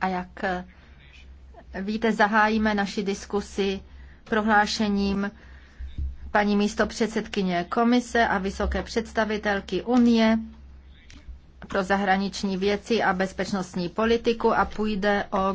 A jak eh, víte, zahájíme naši diskusi prohlášením paní místo předsedkyně komise a vysoké představitelky Unie pro zahraniční věci a bezpečnostní politiku a půjde o